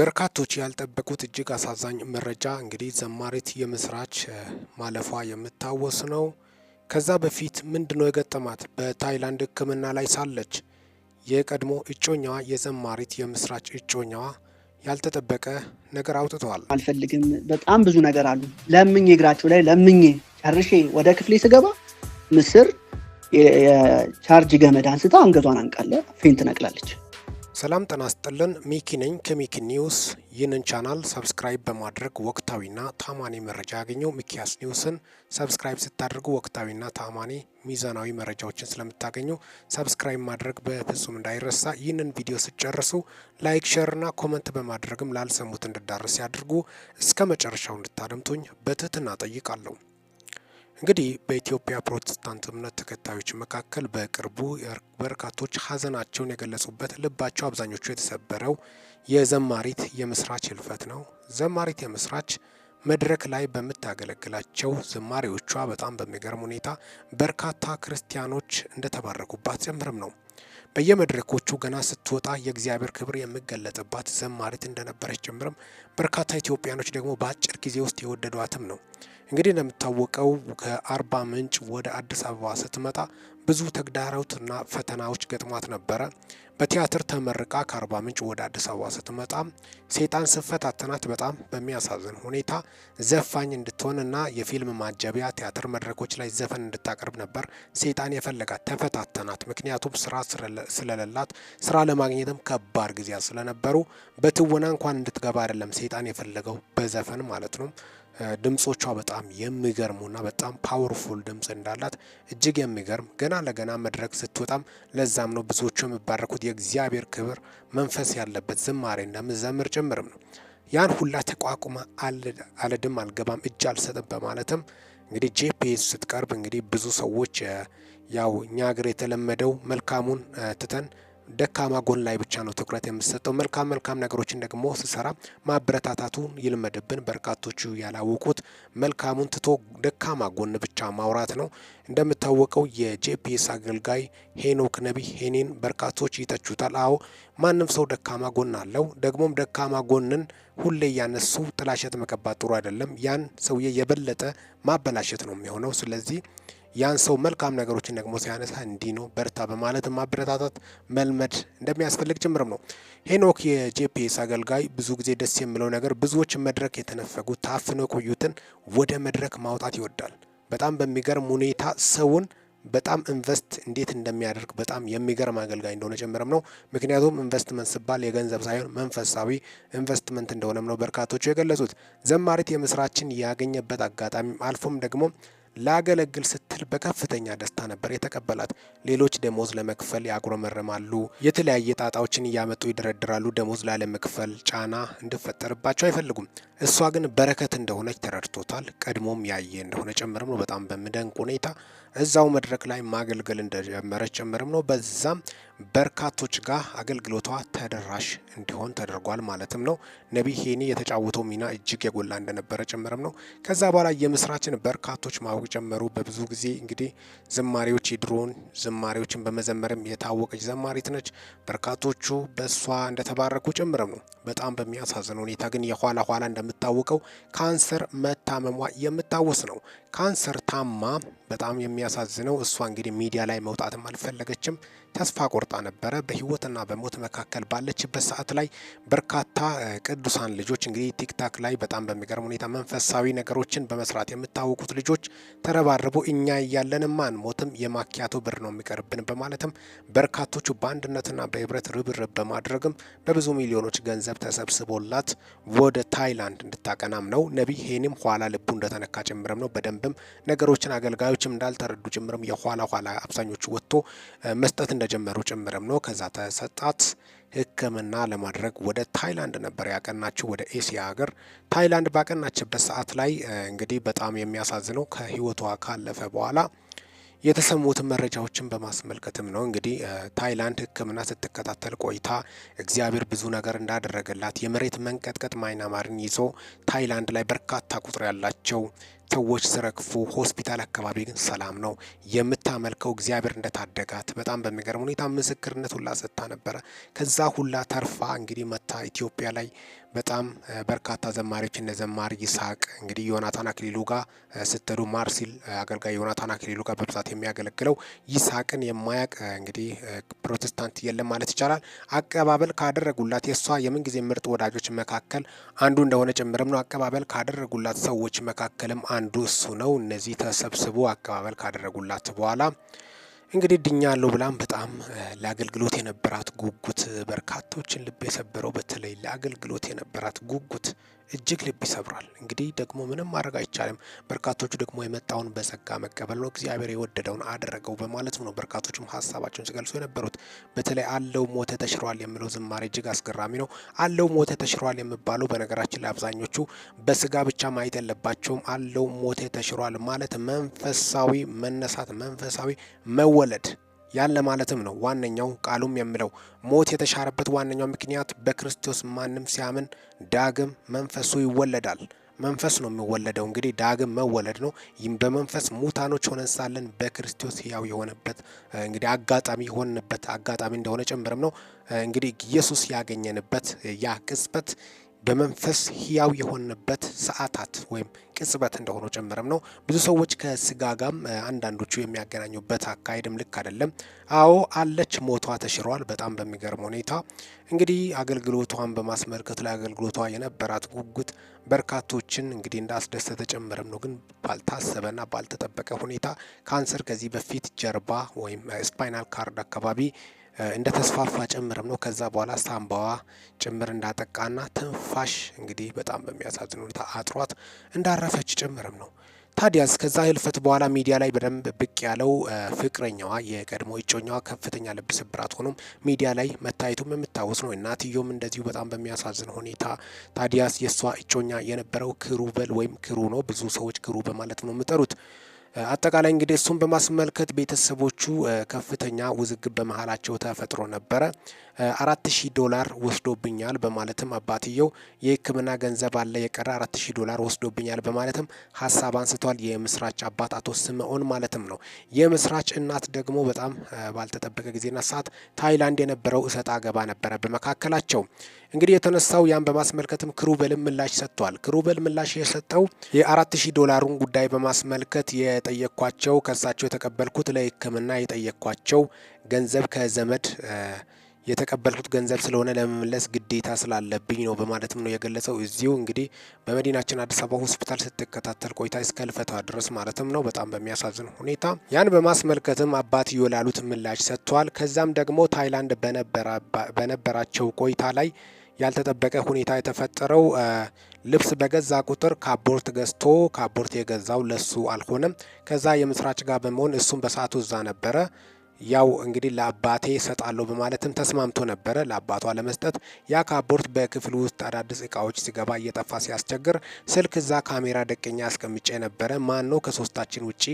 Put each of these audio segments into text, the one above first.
በርካቶች ያልጠበቁት እጅግ አሳዛኝ መረጃ እንግዲህ ዘማሪት የምስራች ማለፏ የምታወስ ነው። ከዛ በፊት ምንድነው የገጠማት? በታይላንድ ሕክምና ላይ ሳለች የቀድሞ እጮኛዋ የዘማሪት የምስራች እጮኛዋ ያልተጠበቀ ነገር አውጥተዋል። አልፈልግም በጣም ብዙ ነገር አሉ። ለምኝ እግራቸው ላይ ለምኝ ጨርሼ ወደ ክፍሌ ስገባ ምስር የቻርጅ ገመድ አንስታ አንገቷን አንቃለ ፌንት ነቅላለች። ሰላም ጤና ይስጥልን። ሚኪ ነኝ ከሚኪ ኒውስ። ይህንን ቻናል ሰብስክራይብ በማድረግ ወቅታዊና ታማኒ መረጃ ያገኘው ሚኪያስ ኒውስን ሰብስክራይብ ስታደርጉ ወቅታዊና ታማኒ ሚዛናዊ መረጃዎችን ስለምታገኙ ሰብስክራይብ ማድረግ በፍጹም እንዳይረሳ። ይህንን ቪዲዮ ስጨርሱ ላይክ፣ ሼርና ኮመንት በማድረግም ላልሰሙት እንድዳረስ ያድርጉ። እስከ መጨረሻው እንድታደምጡኝ በትህትና ጠይቃለሁ። እንግዲህ በኢትዮጵያ ፕሮቴስታንት እምነት ተከታዮች መካከል በቅርቡ በርካቶች ሀዘናቸውን የገለጹበት ልባቸው አብዛኞቹ የተሰበረው የዘማሪት የምስራች ህልፈት ነው። ዘማሪት የምስራች መድረክ ላይ በምታገለግላቸው ዘማሪዎቿ በጣም በሚገርም ሁኔታ በርካታ ክርስቲያኖች እንደተባረኩባት ጭምርም ነው። በየመድረኮቹ ገና ስትወጣ የእግዚአብሔር ክብር የሚገለጥባት ዘማሪት እንደነበረች ጭምርም በርካታ ኢትዮጵያኖች ደግሞ በአጭር ጊዜ ውስጥ የወደዷትም ነው። እንግዲህ እንደምታወቀው ከአርባ ምንጭ ወደ አዲስ አበባ ስትመጣ ብዙ ተግዳሮትና ፈተናዎች ገጥሟት ነበረ። በቲያትር ተመርቃ ከአርባ ምንጭ ወደ አዲስ አበባ ስትመጣ ሴጣን ስፈታተናት በጣም በሚያሳዝን ሁኔታ ዘፋኝ እንድትሆንና የፊልም ማጀቢያ ቲያትር መድረኮች ላይ ዘፈን እንድታቀርብ ነበር ሴጣን የፈለጋት። ተፈታተናት። ምክንያቱም ስራ ስለሌላት ስራ ለማግኘትም ከባድ ጊዜያት ስለነበሩ በትወና እንኳን እንድትገባ አይደለም ሴጣን የፈለገው በዘፈን ማለት ነው። ድምጾቿ በጣም የሚገርሙና በጣም ፓወርፉል ድምጽ እንዳላት እጅግ የሚገርም ገና ለገና መድረክ ስትወጣም ለዛም ነው ብዙዎቹ የሚባረኩት የእግዚአብሔር ክብር መንፈስ ያለበት ዝማሬ እንደምዘምር ጭምርም ነው። ያን ሁላ ተቋቁማ አልድም አልገባም እጅ አልሰጥም በማለትም እንግዲህ ጄፒኤስ ስትቀርብ እንግዲህ ብዙ ሰዎች ያው እኛ ሀገር የተለመደው መልካሙን ትተን ደካማ ጎን ላይ ብቻ ነው ትኩረት የምትሰጠው። መልካም መልካም ነገሮችን ደግሞ ስሰራ ማበረታታቱን ይልመድብን። በርካቶቹ ያላወቁት መልካሙን ትቶ ደካማ ጎን ብቻ ማውራት ነው። እንደምታወቀው የጄፒኤስ አገልጋይ ሄኖክ ነቢ ሄኔን በርካቶች ይተቹታል። አዎ ማንም ሰው ደካማ ጎን አለው። ደግሞም ደካማ ጎንን ሁሌ እያነሱ ጥላሸት መቀባት ጥሩ አይደለም። ያን ሰውዬ የበለጠ ማበላሸት ነው የሚሆነው። ስለዚህ ያን ሰው መልካም ነገሮችን ደግሞ ሲያነሳ እንዲህ ነው በርታ በማለት ማበረታታት መልመድ እንደሚያስፈልግ ጭምርም ነው። ሄኖክ የጄፒኤስ አገልጋይ ብዙ ጊዜ ደስ የሚለው ነገር ብዙዎች መድረክ የተነፈጉ ታፍነው የቆዩትን ወደ መድረክ ማውጣት ይወዳል። በጣም በሚገርም ሁኔታ ሰውን በጣም ኢንቨስት እንዴት እንደሚያደርግ በጣም የሚገርም አገልጋይ እንደሆነ ጭምርም ነው። ምክንያቱም ኢንቨስትመንት ሲባል የገንዘብ ሳይሆን መንፈሳዊ ኢንቨስትመንት እንደሆነም ነው በርካቶቹ የገለጹት። ዘማሪት የምስራችን ያገኘበት አጋጣሚ አልፎም ደግሞ ላገለግል ስትል በከፍተኛ ደስታ ነበር የተቀበላት። ሌሎች ደሞዝ ለመክፈል ያጉረመረማሉ፣ የተለያየ ጣጣዎችን እያመጡ ይደረድራሉ። ደሞዝ ላለመክፈል ጫና እንዲፈጠርባቸው አይፈልጉም። እሷ ግን በረከት እንደሆነች ተረድቶታል። ቀድሞም ያየ እንደሆነ ጭምርም ነው። በጣም በሚደንቅ ሁኔታ እዛው መድረክ ላይ ማገልገል እንደጀመረች ጭምርም ነው። በዛም በርካቶች ጋር አገልግሎቷ ተደራሽ እንዲሆን ተደርጓል ማለትም ነው። ነቢይ ሄኒ የተጫወተው ሚና እጅግ የጎላ እንደነበረ ጭምርም ነው። ከዛ በኋላ የምስራችን በርካቶች ማወቅ ጀመሩ። በብዙ ጊዜ እንግዲህ ዝማሬዎች፣ የድሮን ዝማሬዎችን በመዘመርም የታወቀች ዘማሪት ነች። በርካቶቹ በእሷ እንደተባረኩ ጭምርም ነው። በጣም በሚያሳዝን ሁኔታ ግን የኋላ ኋላ እንደምታወቀው ካንሰር መታመሟ የምታወስ ነው። ካንሰር ታማ በጣም የሚያሳዝነው እሷ እንግዲህ ሚዲያ ላይ መውጣትም አልፈለገችም። ተስፋ ቆርጣ ነበረ። በህይወትና በሞት መካከል ባለችበት ሰዓት ላይ በርካታ ቅዱሳን ልጆች እንግዲህ ቲክታክ ላይ በጣም በሚገርም ሁኔታ መንፈሳዊ ነገሮችን በመስራት የምታወቁት ልጆች ተረባርቦ እኛ እያለን ማን ሞትም የማኪያቶ ብር ነው የሚቀርብን በማለትም በርካቶቹ በአንድነትና በህብረት ርብርብ በማድረግም በብዙ ሚሊዮኖች ገንዘብ ተሰብስቦላት ወደ ታይላንድ እንድታቀናም ነው ነቢይ ሄኒም ኋላ ልቡ እንደተነካ ጭምርም ነው በደንብም ነገሮችን አገልጋዮች ብዙዎችም እንዳልተረዱ ጭምርም የኋላ ኋላ አብዛኞቹ ወጥቶ መስጠት እንደጀመሩ ጭምርም ነው። ከዛ ተሰጣት ሕክምና ለማድረግ ወደ ታይላንድ ነበር ያቀናችው፣ ወደ ኤሲያ ሀገር። ታይላንድ ባቀናችበት ሰዓት ላይ እንግዲህ በጣም የሚያሳዝነው ከህይወቷ ካለፈ በኋላ የተሰሙትን መረጃዎችን በማስመልከትም ነው እንግዲህ ታይላንድ ህክምና ስትከታተል ቆይታ እግዚአብሔር ብዙ ነገር እንዳደረገላት የመሬት መንቀጥቀጥ ማይናማርን ይዞ ታይላንድ ላይ በርካታ ቁጥር ያላቸው ሰዎች ሲረግፉ ሆስፒታል አካባቢ ግን ሰላም ነው። የምታመልከው እግዚአብሔር እንደታደጋት በጣም በሚገርም ሁኔታ ምስክርነት ሁላ ሰጥታ ነበረ። ከዛ ሁላ ተርፋ እንግዲህ መታ ኢትዮጵያ ላይ በጣም በርካታ ዘማሪዎች እነ ዘማር ይስሐቅ እንግዲህ ዮናታን አክሊሉ ጋር ስትሄዱ ማርሲል አገልጋይ ዮናታን አክሊሉ ጋር በብዛት የሚያገለግለው ይስሐቅን የማያቅ እንግዲህ ፕሮቴስታንት የለም ማለት ይቻላል። አቀባበል ካደረጉላት የእሷ የምንጊዜ ምርጥ ወዳጆች መካከል አንዱ እንደሆነ ጭምርም ነው። አቀባበል ካደረጉላት ሰዎች መካከልም አንዱ እሱ ነው። እነዚህ ተሰብስቦ አቀባበል ካደረጉላት በኋላ እንግዲህ ድኛለሁ ብላም በጣም ለአገልግሎት የነበራት ጉጉት በርካቶችን ልብ የሰበረው በተለይ ለአገልግሎት የነበራት ጉጉት እጅግ ልብ ይሰብራል። እንግዲህ ደግሞ ምንም ማድረግ አይቻልም። በርካቶቹ ደግሞ የመጣውን በጸጋ መቀበል ነው፣ እግዚአብሔር የወደደውን አደረገው በማለት ነው በርካቶቹም ሀሳባቸውን ሲገልጹ የነበሩት። በተለይ አለው ሞተ ተሽሯል የሚለው ዝማሬ እጅግ አስገራሚ ነው። አለው ሞተ ተሽሯል የሚባለው በነገራችን ላይ አብዛኞቹ በስጋ ብቻ ማየት የለባቸውም። አለው ሞተ ተሽሯል ማለት መንፈሳዊ መነሳት፣ መንፈሳዊ መወ መወለድ ያን ለማለትም ነው ዋነኛው ቃሉም የሚለው። ሞት የተሻረበት ዋነኛው ምክንያት በክርስቶስ ማንም ሲያምን ዳግም መንፈሱ ይወለዳል። መንፈስ ነው የሚወለደው። እንግዲህ ዳግም መወለድ ነው። ይህም በመንፈስ ሙታኖች ሆነን ሳለን በክርስቶስ ሕያው የሆነበት እንግዲህ አጋጣሚ የሆንበት አጋጣሚ እንደሆነ ጭምርም ነው። እንግዲህ ኢየሱስ ያገኘንበት ያ ቅጽበት በመንፈስ ህያው የሆንበት ሰዓታት ወይም ቅጽበት እንደሆነ ጨምረም ነው። ብዙ ሰዎች ከስጋ ጋም አንዳንዶቹ የሚያገናኙበት አካሄድም ልክ አይደለም። አዎ አለች፣ ሞቷ ተሽሯል። በጣም በሚገርም ሁኔታ እንግዲህ አገልግሎቷን በማስመልከት ላይ አገልግሎቷ የነበራት ጉጉት በርካቶችን እንግዲህ እንዳስደሰተ ጨምረም ነው። ግን ባልታሰበና ባልተጠበቀ ሁኔታ ካንሰር ከዚህ በፊት ጀርባ ወይም ስፓይናል ካርድ አካባቢ እንደተስፋፋ ጭምርም ነው። ከዛ በኋላ ሳምባዋ ጭምር እንዳጠቃና ትንፋሽ እንግዲህ በጣም በሚያሳዝን ሁኔታ አጥሯት እንዳረፈች ጭምርም ነው። ታዲያስ ከዛ ህልፈት በኋላ ሚዲያ ላይ በደንብ ብቅ ያለው ፍቅረኛዋ የቀድሞ እጮኛዋ ከፍተኛ ልብ ስብራት ሆኖም ሚዲያ ላይ መታየቱም የምታወስ ነው። እናትየውም እንደዚሁ በጣም በሚያሳዝን ሁኔታ ታዲያስ የእሷ እጮኛ የነበረው ክሩበል ወይም ክሩ ነው። ብዙ ሰዎች ክሩ በማለት ነው የሚጠሩት። አጠቃላይ እንግዲህ እሱን በማስመልከት ቤተሰቦቹ ከፍተኛ ውዝግብ በመሀላቸው ተፈጥሮ ነበረ። አራት ሺ ዶላር ወስዶብኛል በማለትም አባትየው የሕክምና ገንዘብ አለ የቀረ አራት ሺ ዶላር ወስዶብኛል በማለትም ሀሳብ አንስቷል። የምስራች አባት አቶ ስምኦን ማለትም ነው። የምስራች እናት ደግሞ በጣም ባልተጠበቀ ጊዜና ሰዓት ታይላንድ የነበረው እሰጥ አገባ ነበረ በመካከላቸው እንግዲህ የተነሳው ያን በማስመልከትም ክሩበል ምላሽ ሰጥቷል። ክሩበል ምላሽ የሰጠው የአራት ሺህ ዶላሩን ጉዳይ በማስመልከት የጠየቅኳቸው ከእሳቸው የተቀበልኩት ለሕክምና የጠየቅኳቸው ገንዘብ ከዘመድ የተቀበልኩት ገንዘብ ስለሆነ ለመመለስ ግዴታ ስላለብኝ ነው በማለትም ነው የገለጸው። እዚሁ እንግዲህ በመዲናችን አዲስ አበባ ሆስፒታል ስትከታተል ቆይታ እስከ ልፈቷ ድረስ ማለትም ነው። በጣም በሚያሳዝን ሁኔታ ያን በማስመልከትም አባትዮ ላሉት ምላሽ ሰጥቷል። ከዛም ደግሞ ታይላንድ በነበራቸው ቆይታ ላይ ያልተጠበቀ ሁኔታ የተፈጠረው ልብስ በገዛ ቁጥር ካፖርት ገዝቶ ካፖርት የገዛው ለሱ አልሆነም። ከዛ የምስራች ጋር በመሆን እሱም በሰዓቱ እዛ ነበረ። ያው እንግዲህ ለአባቴ ሰጣለሁ በማለትም ተስማምቶ ነበረ ለአባቷ ለመስጠት። ያ ካፖርት በክፍል ውስጥ አዳዲስ እቃዎች ሲገባ እየጠፋ ሲያስቸግር ስልክ እዛ ካሜራ ደቀኛ አስቀምጬ ነበረ። ማን ነው ከሶስታችን ውጪ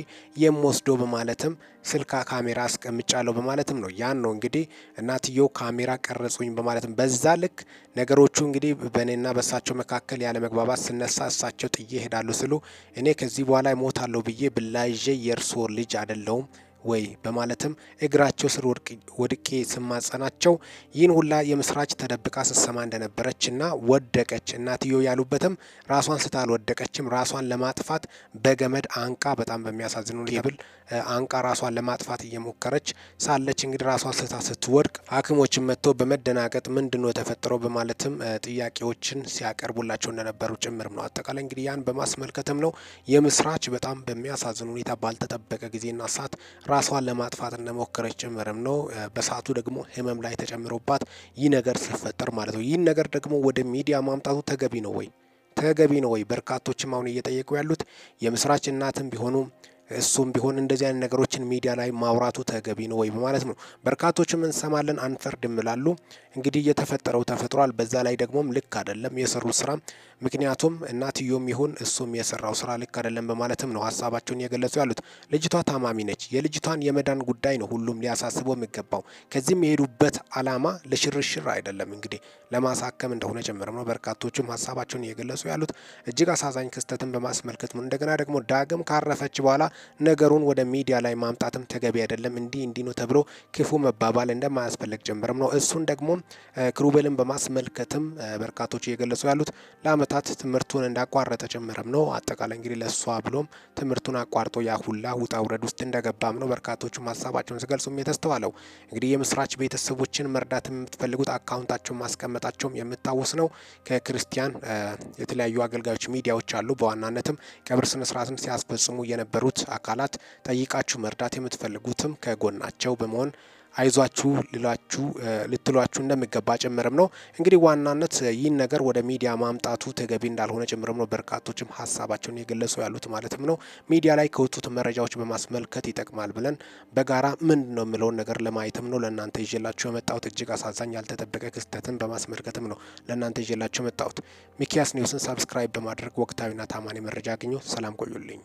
የምወስዶ በማለትም ስልካ ካሜራ አስቀምጫለሁ በማለትም ነው ያን ነው እንግዲህ እናትየው ካሜራ ቀረጹኝ በማለትም በዛ ልክ ነገሮቹ እንግዲህ በእኔና በእሳቸው መካከል ያለ መግባባት ስነሳ እሳቸው ጥዬ ሄዳለሁ ስሉ እኔ ከዚህ በኋላ ሞታለሁ ብዬ ብላይዤ የእርሶ ልጅ አይደለሁም ወይ በማለትም እግራቸው ስር ወድቄ ስማጸናቸው ይህን ሁላ የምስራች ተደብቃ ስትሰማ እንደነበረች እና ወደቀች እናትዮ ያሉበትም ራሷን ስታ አልወደቀችም ራሷን ለማጥፋት በገመድ አንቃ በጣም በሚያሳዝኑ ብል አንቃ ራሷን ለማጥፋት እየሞከረች ሳለች እንግዲህ ራሷን ስታ ስትወድቅ ሐኪሞችን መጥቶ በመደናገጥ ምንድን ነው የተፈጠረው በማለትም ጥያቄዎችን ሲያቀርቡላቸው እንደነበሩ ጭምርም ነው። አጠቃላይ እንግዲህ ያን በማስመልከትም ነው የምስራች በጣም በሚያሳዝን ሁኔታ ባልተጠበቀ ጊዜና ሰዓት ራሷን ለማጥፋት እንደሞከረች ጭምርም ነው። በሰዓቱ ደግሞ ህመም ላይ ተጨምሮባት ይህ ነገር ሲፈጠር ማለት ነው። ይህን ነገር ደግሞ ወደ ሚዲያ ማምጣቱ ተገቢ ነው ወይ ተገቢ ነው ወይ? በርካቶችም አሁን እየጠየቁ ያሉት የምስራች እናትም ቢሆኑ እሱም ቢሆን እንደዚህ አይነት ነገሮችን ሚዲያ ላይ ማውራቱ ተገቢ ነው ወይ በማለት ነው። በርካቶችም እንሰማለን አንፈርድም ይላሉ። እንግዲህ የተፈጠረው ተፈጥሯል። በዛ ላይ ደግሞም ልክ አይደለም የሰሩት ስራ። ምክንያቱም እናትዮም ይሁን እሱም የሰራው ስራ ልክ አይደለም በማለትም ነው ሀሳባቸውን የገለጹ ያሉት። ልጅቷ ታማሚ ነች። የልጅቷን የመዳን ጉዳይ ነው ሁሉም ሊያሳስበው የሚገባው። ከዚህም የሄዱበት አላማ ለሽርሽር አይደለም፣ እንግዲህ ለማሳከም እንደሆነ ጭምርም ነው በርካቶቹም ሀሳባቸውን እየገለጹ ያሉት። እጅግ አሳዛኝ ክስተትን በማስመልከት እንደገና ደግሞ ዳግም ካረፈች በኋላ ነገሩን ወደ ሚዲያ ላይ ማምጣትም ተገቢ አይደለም። እንዲህ እንዲህ ነው ተብሎ ክፉ መባባል እንደማያስፈልግ ጭምርም ነው እሱን ደግሞ ክሩቤልን በማስመልከትም በርካቶች እየገለጹ ያሉት ለአመታት ትምህርቱን እንዳቋረጠ ጭምርም ነው። አጠቃላይ እንግዲህ ለእሷ ብሎም ትምህርቱን አቋርጦ ያሁላ ውጣ ውረድ ውስጥ እንደገባም ነው በርካቶቹ ሀሳባቸውን ሲገልጹም የተስተዋለው። እንግዲህ የምስራች ቤተሰቦችን መርዳት የምትፈልጉት አካውንታቸውን ማስቀመጣቸውም የምታወስ ነው። ከክርስቲያን የተለያዩ አገልጋዮች ሚዲያዎች አሉ። በዋናነትም ቀብር ስነስርዓትን ሲያስፈጽሙ የነበሩት አካላት ጠይቃችሁ መርዳት የምትፈልጉትም ከጎናቸው በመሆን አይዟችሁ ልላችሁ ልትሏችሁ እንደሚገባ ጭምርም ነው። እንግዲህ ዋናነት ይህን ነገር ወደ ሚዲያ ማምጣቱ ተገቢ እንዳልሆነ ጭምርም ነው። በርካቶችም ሀሳባቸውን የገለጹ ያሉት ማለትም ነው። ሚዲያ ላይ ከወጡት መረጃዎች በማስመልከት ይጠቅማል ብለን በጋራ ምንድን ነው የሚለውን ነገር ለማየትም ነው ለእናንተ ይዤላችሁ የመጣሁት። እጅግ አሳዛኝ ያልተጠበቀ ክስተትን በማስመልከትም ነው ለእናንተ ይዤላችሁ የመጣሁት። ሚኪያስ ኒውስን ሳብስክራይብ በማድረግ ወቅታዊና ታማኝ መረጃ አግኙ። ሰላም ቆዩልኝ።